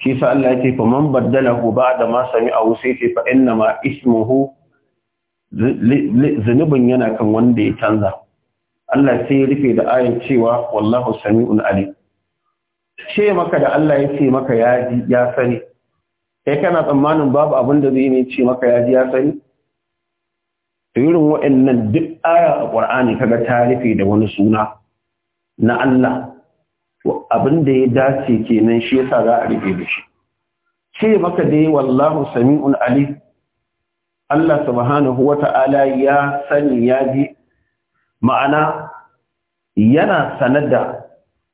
shi sa Allah ya ce fa man baddala hu ba da ma sami a wuce ce fa inna ma ismuhu zunubin yana kan wanda ya canza Allah sai ya rufe da ayin cewa wallahu sami'un Ali. ce maka da Allah ya ce maka ya ji ya sani kai kana tsammanin babu abin da zai ne ce maka ya ji ya sani to irin waɗannan duk aya a Qur'ani kaga ta rufe da wani suna na Allah abin da ya dace kenan shi yasa za a rufe da shi ce maka dai wallahu sami'un Ali. Allah subhanahu wa ta'ala ya sani ya ji ma'ana yana sanar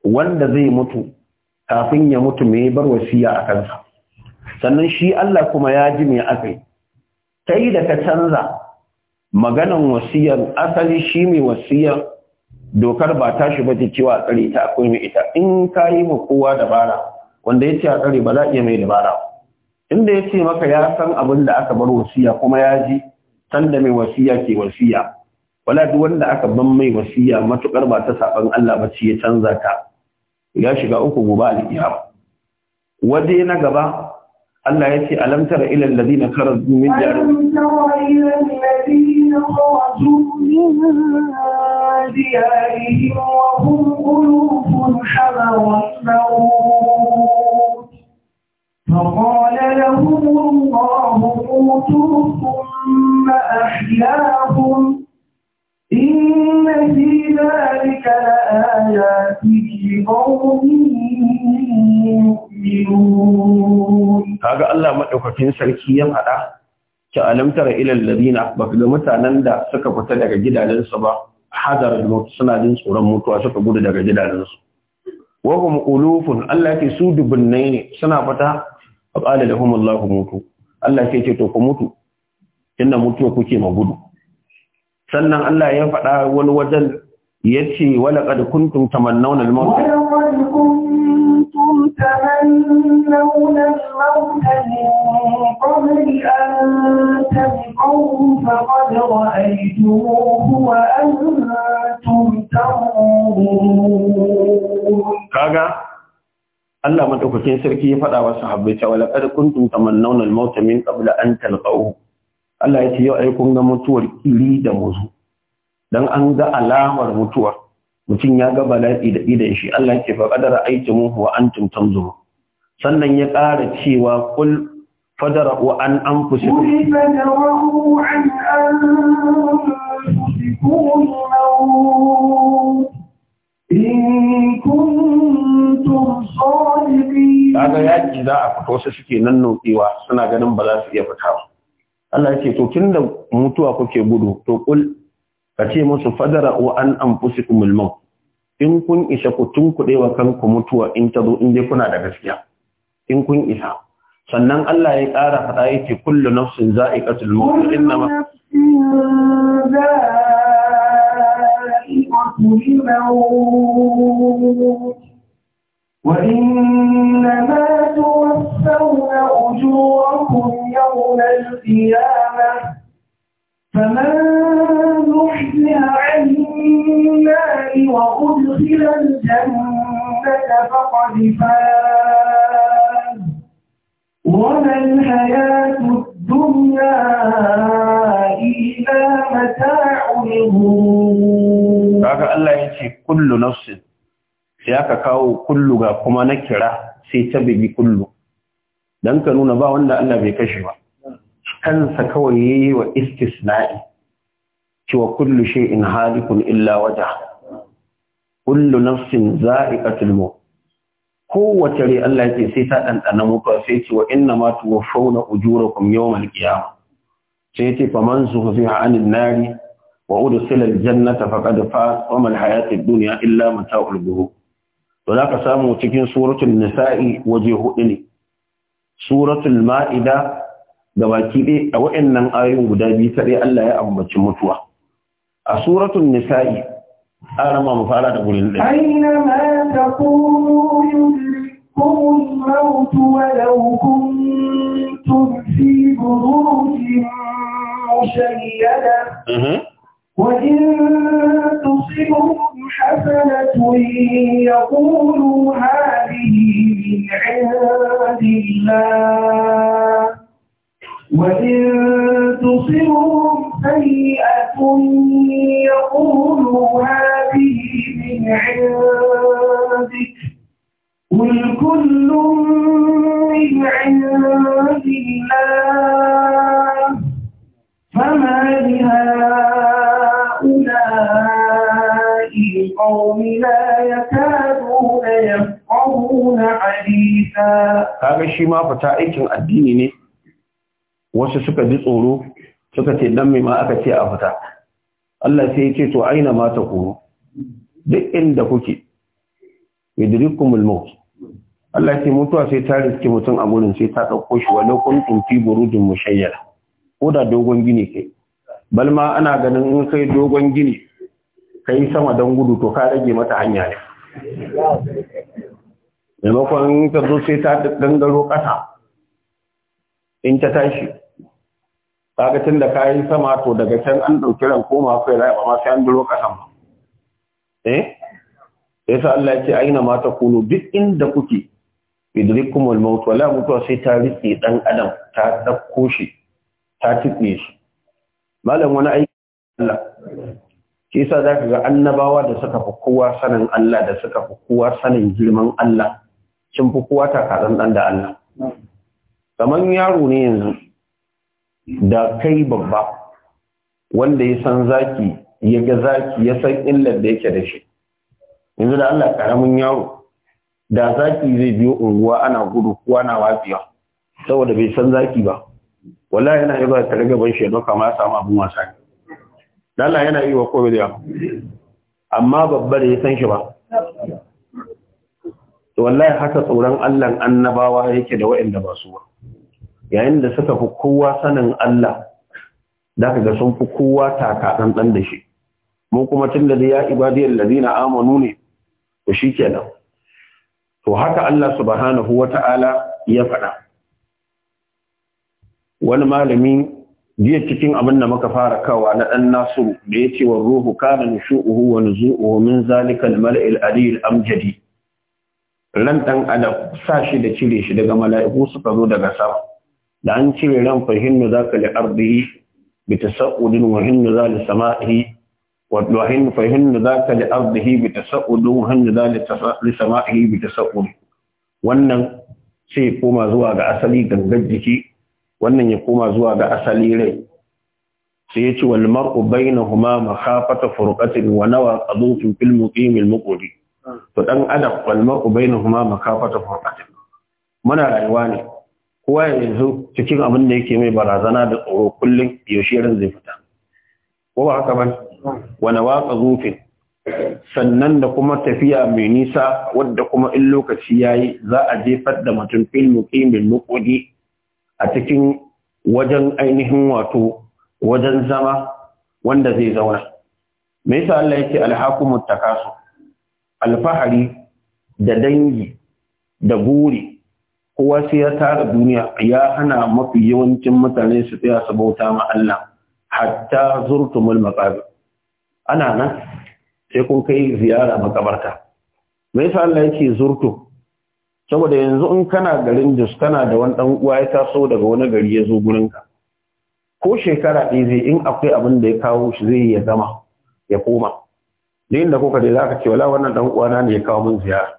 wanda zai mutu kafin ya mutu mai bar wasiya a kansa sannan shi Allah kuma ya ji mai akai kai da ka canza maganan wasiyar asali shi mai wasiyar dokar ba ta shi bace cewa tsare ta akwai mai ita in ka yi ma kowa dabara wanda ya ce a tsare ba za a iya mai dabara ba. inda ya ce maka ya san abin da aka bar wasiya kuma ya ji sanda mai wasiya ke wasiya wala duk wanda aka ban mai wasiya matukar ba ta saban Allah ba ce ya canza ta ya shiga uku gobe alƙiyama waje na gaba Allah ya ce alam tara ila alladhina kharaju min diyarihim diyarihim wa hum qulubun hawa فقال لهم الله موتوا ثم أحياهم إن في ذلك لآيات Kaga Allah maɗakafin sarki ya faɗa, ki alamtar ilal ladina ba fi da mutanen da suka fita daga gidajensu ba, hadar da suna jin tsoron mutuwa suka gudu daga gidajensu. Wa kuma ƙulufun Allah ke su dubunai ne suna fata fa da lahum Allah mutu Allah ke ce to ku mutu inda mutu kuke ma gudu? sannan Allah ya faɗa wani wajen yace wala qad kuntum tamannawna al-maut wala kuntum tamannawna al-maut min qabli an tasqu faqad ra'aytumuhu wa antum tanzurun kaga Allah madaukakin sarki ya faɗa wa sahabbai cewa laqad kuntum tamannawna al-maut min qabla an talqahu Allah ya ce yau ai kun ga mutuwar kiri da muzu dan an ga alamar mutuwar mutum ya ga bala'i da idan shi Allah ke faɗar aikimu wa antum tanzuru sannan ya ƙara cewa kul fadara wa an anfusikum in kuntum kaga yaki za a fito wasu suke nan nokewa suna ganin ba za su iya fita ba Allah ya ce to tun da mutuwa kuke gudu to ƙul, ka ce musu fadara wa an an fusi maut in kun isa ku kuɗe wa kanku mutuwa in ta zo in dai kuna da gaskiya in kun isa sannan Allah ya ƙara faɗa ce kullu nafsin za'iqatul maut inna ma za'iqatul وإنما توفون أجوركم يوم القيامة فمن زحزح عن النار وأدخل الجنة فقد فاز وما الحياة الدنيا إلا متاع الغرور. الله يجزي كل نفس sai ka kawo kullu ga kuma na kira sai ta bibi kullu dan ka nuna ba wanda Allah bai kashe ba kansa kawai yi wa istisna'i cewa kullu shay'in halikun illa wata. kullu nafsin za'iqatul maut kowace rai Allah ce sai ta ɗanɗana muku sai ce wa inna ma tuwaffawna ujurakum yawmal qiyamah sai ce faman zuhziha 'anil nari wa udkhila al-jannata faqad faz wa ma al dunya illa mata'ul ghurur to za ka samu cikin suratul nisa'i waje hudu ne suratul ma'ida da baki ɗaya a wa'annan ayoyin guda biyu tare Allah ya ambaci mutuwa a suratul nisa'i an ma mu fara da gurin ɗaya aina ma takunu يدرككم الموت ولو كنتم في بروج مشيدة وإن تصبهم حسنة يقولوا هذه من عند الله وإن تصرهم سيئة يقولوا هذه من عندك قل كل من عند الله فما لهذا kaga shi ma fata aikin addini ne wasu suka ji tsoro suka ce dan me ma aka ce a fita Allah sai ya ce to aina ma ta koro. duk inda kuke yudrikumul maut Allah sai mutuwa sai ta riske mutum a gurin sai ta dauko shi walau kuntum fi burudin mushayyala ko da dogon gini kai balma ana ganin in kai dogon gini ka yi sama don gudu to ka rage mata hanya ne maimakon ta zo sai ta dangaro ƙasa in ta tashi kaga tun da kayan sama to daga can an ɗauki ran koma kai rai ba ma sai an duro ƙasan ba eh yasa Allah ya ce aina ma ta kunu duk inda kuke idrikum al-maut wala mutuwa sai ta rike dan adam ta dakko shi ta tibe shi malam wani aiki Allah shi yasa za ka ga annabawa da suka fi kowa sanin Allah da suka fi kowa sanin girman Allah sun fi kowa takaɗan ɗan da Allah kamar yaro ne yanzu da kai babba wanda ya san zaki ya ga zaki ya san illar da yake da shi yanzu da Allah karamin yaro da zaki zai biyo unguwa ana gudu kowa na wafiya saboda bai san zaki ba wallahi yana yi ta riga ban shi ya kama ya samu abin wasa Allah yana yi wa kowa da amma babba da ya san shi ba to wallahi haka tsoron Allah annabawa yake da waɗanda ba su ba yayin da suka fi kowa sanin Allah da kaga sun fi kowa taka dan dan da shi mu kuma tun da ya ibadiyal ladina amanu ne to shikenan to haka Allah subhanahu wata'ala ya faɗa wani malami jiya cikin abin da muka fara kawa na ɗan nasu da ya ce wa ruhu kana nushu'uhu wa nuzu'uhu min zalika al-mala'il aliyil amjadi ran ɗan adam sa shi da cire shi daga mala'iku suka zo daga sama da an cire ran fa za ka li ardihi bi tasaqqudin wa hinnu zali sama'ihi wa hinnu fa za ka li ardihi bi tasaqqudin wa hinnu zali sama'ihi bi tasaqqudin wannan sai koma zuwa ga asali gangar jiki wannan ya koma zuwa ga asali rai sai ya ce wal huma ma kafata furqatin wa nawa qadutun fil muqim al muqri to dan adam wal huma ma kafata furqatin muna rayuwa ne kowa ya yanzu cikin abin da yake mai barazana da tsoro kullum yaushe ran zai fita ko ba haka ba wa nawa qadutun sannan da kuma tafiya mai nisa wadda kuma in lokaci yayi za a jefar da mutum fil muqim al a cikin wajen ainihin wato wajen zama wanda zai zauna me yasa Allah yake alhakumut takasu alfahari da dangi da buri, kowa sai ya tara duniya ya hana mafi yawancin mutane su tsaya su bauta ma Allah hatta zurtumul maqabir ana nan sai kun kai ziyara makabarta me yasa Allah yake zurtu saboda yanzu in kana garin Jos kana da wani dan uwa ya taso daga wani gari ya zo gurin ka ko shekara ɗaya zai in akwai abin da ya kawo shi zai ya zama ya koma da inda kuka dai zaka ce wala wannan dan uwana ne ya kawo min ziyara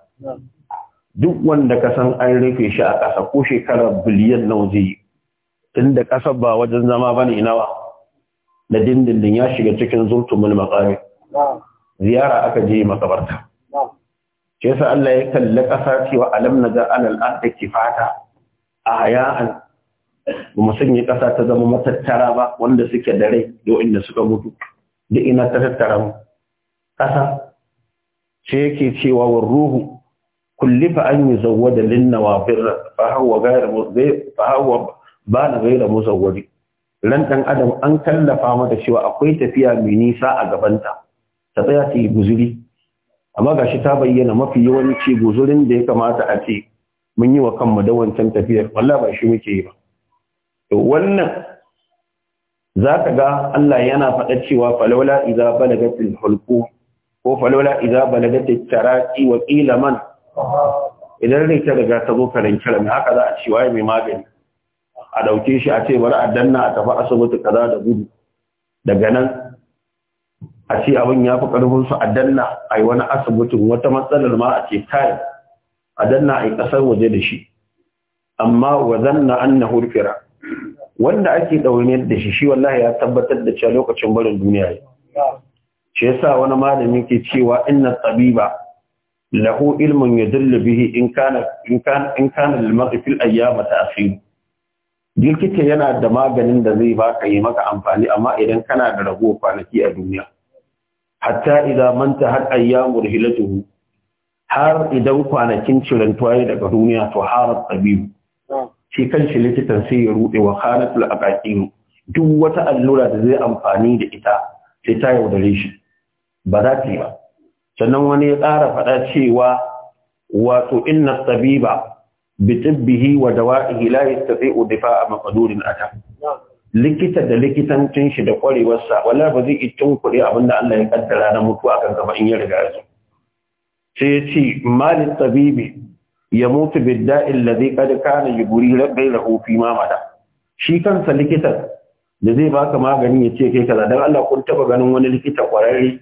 duk wanda ka san an rufe shi a ƙasa ko shekara biliyan nawa zai yi inda ƙasa ba wajen zama ba ne nawa. na dindindin ya shiga cikin zurtumul maqami ziyara aka je makabarta Ke yasa Allah ya kalli ƙasa cewa alam lamna ga alal ardi kifata a haya'an ba mu sanya ƙasa ta zama matattara ba wanda suke da rai da suka mutu da ina ta tattara mu ƙasa ce yake cewa wa ruhu kullifa an yi lin nawafir fa huwa ghayr muzayyi fa huwa ba na ghayr ran dan adam an kallafa mata cewa akwai tafiya mai nisa a gabanta ta tsaya ta yi guzuri amma shi ta bayyana mafi yawanci guzurin da ya kamata a ce mun yi wa kanmu da wancan tafiyar walla ba shi muke yi ba to wannan zaka ga Allah yana faɗa cewa falawla idza balagatil hulqu ko falawla idza balagatit taraqi wa qila man idan rai ta riga ta zo karen kiran haka za a ce waye mai magani a dauke shi a ce bari a danna a tafi asibiti kaza da gudu daga nan a ce abin ya fi ƙarfinsu a danna a yi wani asibitin wata matsalar ma a ce kai a danna a yi ƙasar waje da shi amma wa na an na hurfira wanda ake ɗauniyar da shi shi wallahi ya tabbatar da cewa lokacin barin duniya Ya shi wani malami ke cewa inna tabiba lahu ilmun yadullu bihi in kana in kana in kana lil likita yana da maganin da zai baka yi maka amfani amma idan kana da rago kwanaki a duniya hatta idza manta har ayyamur hilatuhu har idan kwanakin cirantuwa daga duniya to harar tabibu shi kanshi likitan sai ya rude wa khanatul aqaqin duk wata allura da zai amfani da ita sai ta yaudare shi ba za ta yi ba sannan wani ya ƙara faɗa cewa wato inna tabiba bi tibbihi wa dawa'ihi la yastati'u difa'a maqdurin ata likita da likitancin shi da kwarewarsa wallahi ba zai yi kuɗi abin da Allah ya kaddara na mutuwa kan gaba in ya riga ya sai ya ce malin tabibi ya mutu bidda illazi kada kana yubri da fi ma mata. shi kansa likitan da zai baka magani ya ce kai kaza dan Allah kun taba ganin wani likita kwararre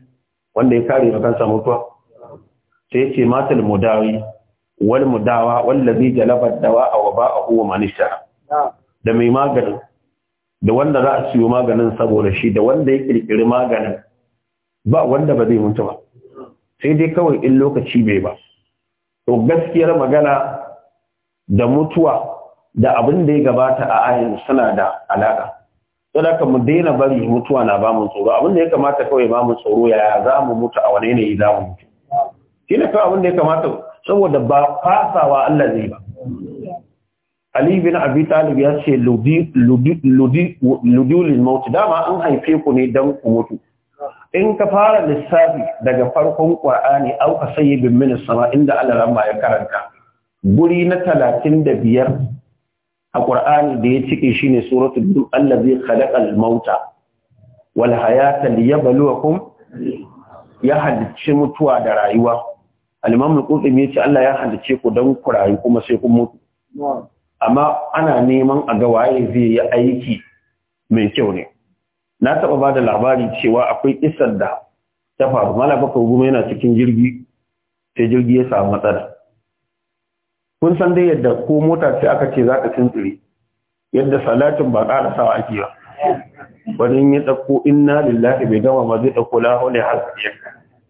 wanda ya kare maka kansa mutuwa sai ya ce matal mudawi wal mudawa wallazi jalaba dawa wa ba'ahu wa manisha da mai maganin da wanda za a siyo maganin saboda shi da wanda ya kirkiri maganin ba wanda ba zai mutu ba sai dai kawai in lokaci bai ba to gaskiyar magana da mutuwa da abin da ya gabata a ayin suna da alaka ka mu daina bari mutuwa na ba mu tsoro abin da ya kamata kawai ba mu tsoro yaya za mu mutu a wani yanayi za mu mutu shi ne kawai abin da ya kamata saboda ba fasawa Allah zai ba Ali bin Abi Talib ya ce ludulin mautu dama an haife ku ne dan ku mutu. In ka fara lissafi daga farkon ƙwar'ani auka sayyibin minis sama inda Allah ya karanta. Guri na talatin da biyar a ƙur'ani da ya cike shine ne suratul Allah zai khalaƙa mauta. Wal hayata liyabluwakum ya halicci mutuwa da rayuwa. Al-Imam al ya ce Allah ya halicce ku dan ku rayu kuma sai kun mutu. amma ana neman a ga waye zai yi aiki mai kyau ne na taɓa bada labari cewa akwai isar da ta faru baka goma yana cikin jirgi sai jirgi ya samu matsala kun san dai yadda ko mota sai aka ce za ka tsintsire yadda salatin ba ƙara sawa ake ba wani ya ɗauko inna lillahi bai gama ba zai ɗauko lahulai har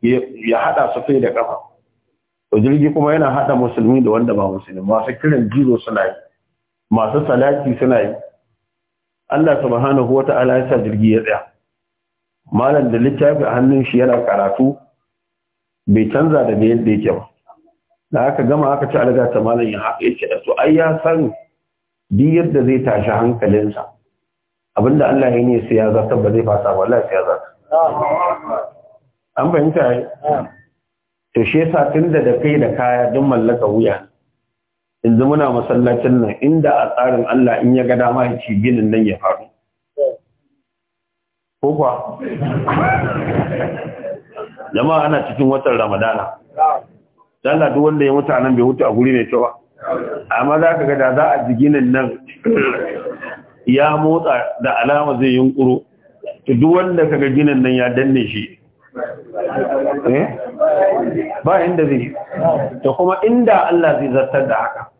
ya haɗa su kai da ƙafa to jirgi kuma yana haɗa musulmi da wanda ba musulmi masu kiran jiro suna yi masu salati suna yi Allah subhanahu wa ta'ala ya sa jirgi ya tsaya malam da littafi a hannun shi yana karatu bai canza da da yadda yake ba da aka gama aka ci alga ta malam ya haka yake da su ai ya san duk yadda zai tashi hankalinsa abinda Allah ya ne sai ya zata ba zai fasa wallahi sai ya zata an fahimta ai to shi yasa tunda da kai da kaya duk mallaka wuya yanzu muna masallacin nan inda a tsarin Allah in ya ga dama ya ce ginin nan ya faru ko kuwa jama'a ana cikin watan ramadana dala duk wanda ya mutu a nan bai mutu a guri mai cewa. ba amma za ka ga da za a ji ginin nan ya motsa da alama zai yunkuro to duk wanda kaga ginin nan ya danne shi eh, ba inda zai to kuma inda Allah zai zartar da haka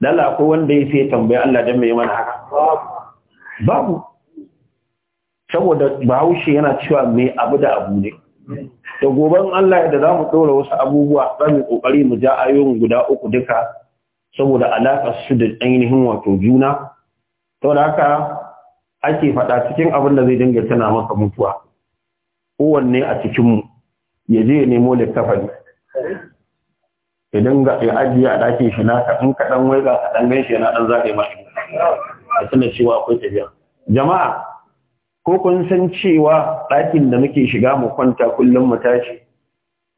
Lalla ko wanda ya sai tambaya Allah dan mai mana haka. Babu. Saboda Bahaushe yana cewa mai abu da abu ne. Da goban Allah da zamu mu wasu abubuwa dan mu ƙoƙari mu ja ayoyin guda uku duka saboda alaƙar su da ainihin wato juna. Saboda haka ake faɗa cikin abin da zai dinga tana maka mutuwa. Kowanne a cikinmu ya je ya nemo littafari. idan ga ya ajiye a ɗakin shi na ka in ka dan waiga ka dan shi yana dan zare ma a tana cewa akwai tafiya jama'a ko kun san cewa ɗakin da muke shiga mu kwanta kullum mu tashi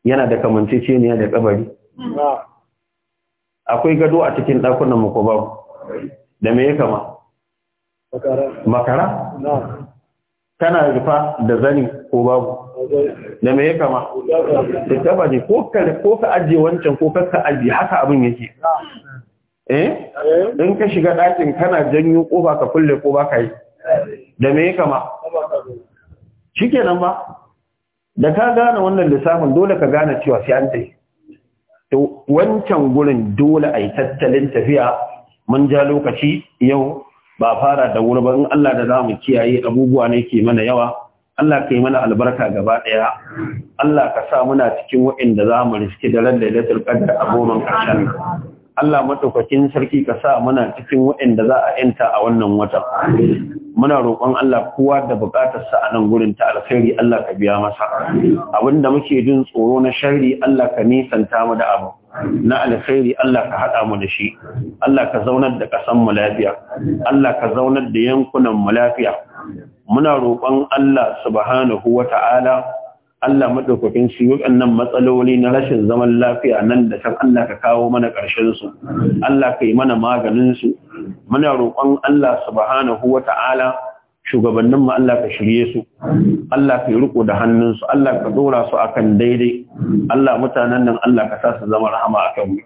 yana da kamanceceniya da kabari akwai gado a cikin ɗakunan mu ko babu da me ya kama makara kana rufa da zani ko babu da me ya kama da taba ne ko ka ko wancan ko ka aje haka abin yake eh in ka shiga ɗakin kana janyo ba ka kulle ko ba ka yi da me ya kama nan ba da ka gane wannan lissafin dole ka gane cewa sai an tafi to wancan gurin dole a tattalin tafiya mun ja lokaci yau ba fara da wuri ba in Allah da zamu kiyaye abubuwa ne ke mana yawa Allah ka yi mana albarka gaba ɗaya, Allah ka sa muna cikin waɗanda za mu riski da ran lailatul a goma ƙarshen. Allah madaukakin sarki ka sa muna cikin waɗanda za a yanta a wannan wata. Muna roƙon Allah kowa da buƙatar sa a nan gurin ta alkhairi Allah ka biya masa. Abinda muke jin tsoro na sharri Allah ka nisanta mu da abu. na alkhairi Allah ka haɗa mu da shi Allah ka zaunar da ƙasan mu lafiya Allah ka zaunar da yankunan mu lafiya muna roƙon Allah subhanahu wa ta'ala Allah maɗaukakin shi waɗannan matsaloli na rashin zaman lafiya nan da ta Allah ka kawo mana ƙarshen su. Allah ka yi mana maganinsu, muna roƙon Allah subhanahu wa ta'ala shugabannin mu Allah ka shirye su Allah ka riko da hannunsu Allah ka dora su akan daidai Allah mutanen nan Allah ka sa su zama rahama akan mu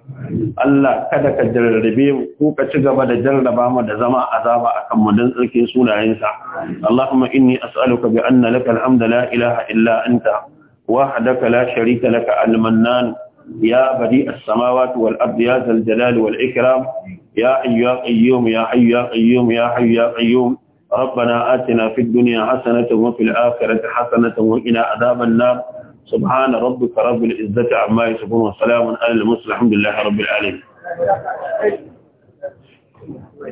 Allah kada ka jarrabe mu ko ka ci gaba da jarraba mu da zama azaba akan mu dan tsarkin sunayensa Allahumma inni as'aluka bi anna laka alhamdu la ilaha illa anta wahdaka la sharika laka al-mannan ya badi as-samawati wal ardi ya zal jalali wal ikram ya ayyu ya qayyum ya hayyu ya qayyum ya hayyu ya qayyum ربنا آتنا في الدنيا حسنة وفي الآخرة حسنة وقنا عذاب النار سبحان ربك رب العزة عما يصفون وسلام على المرسلين الحمد لله رب العالمين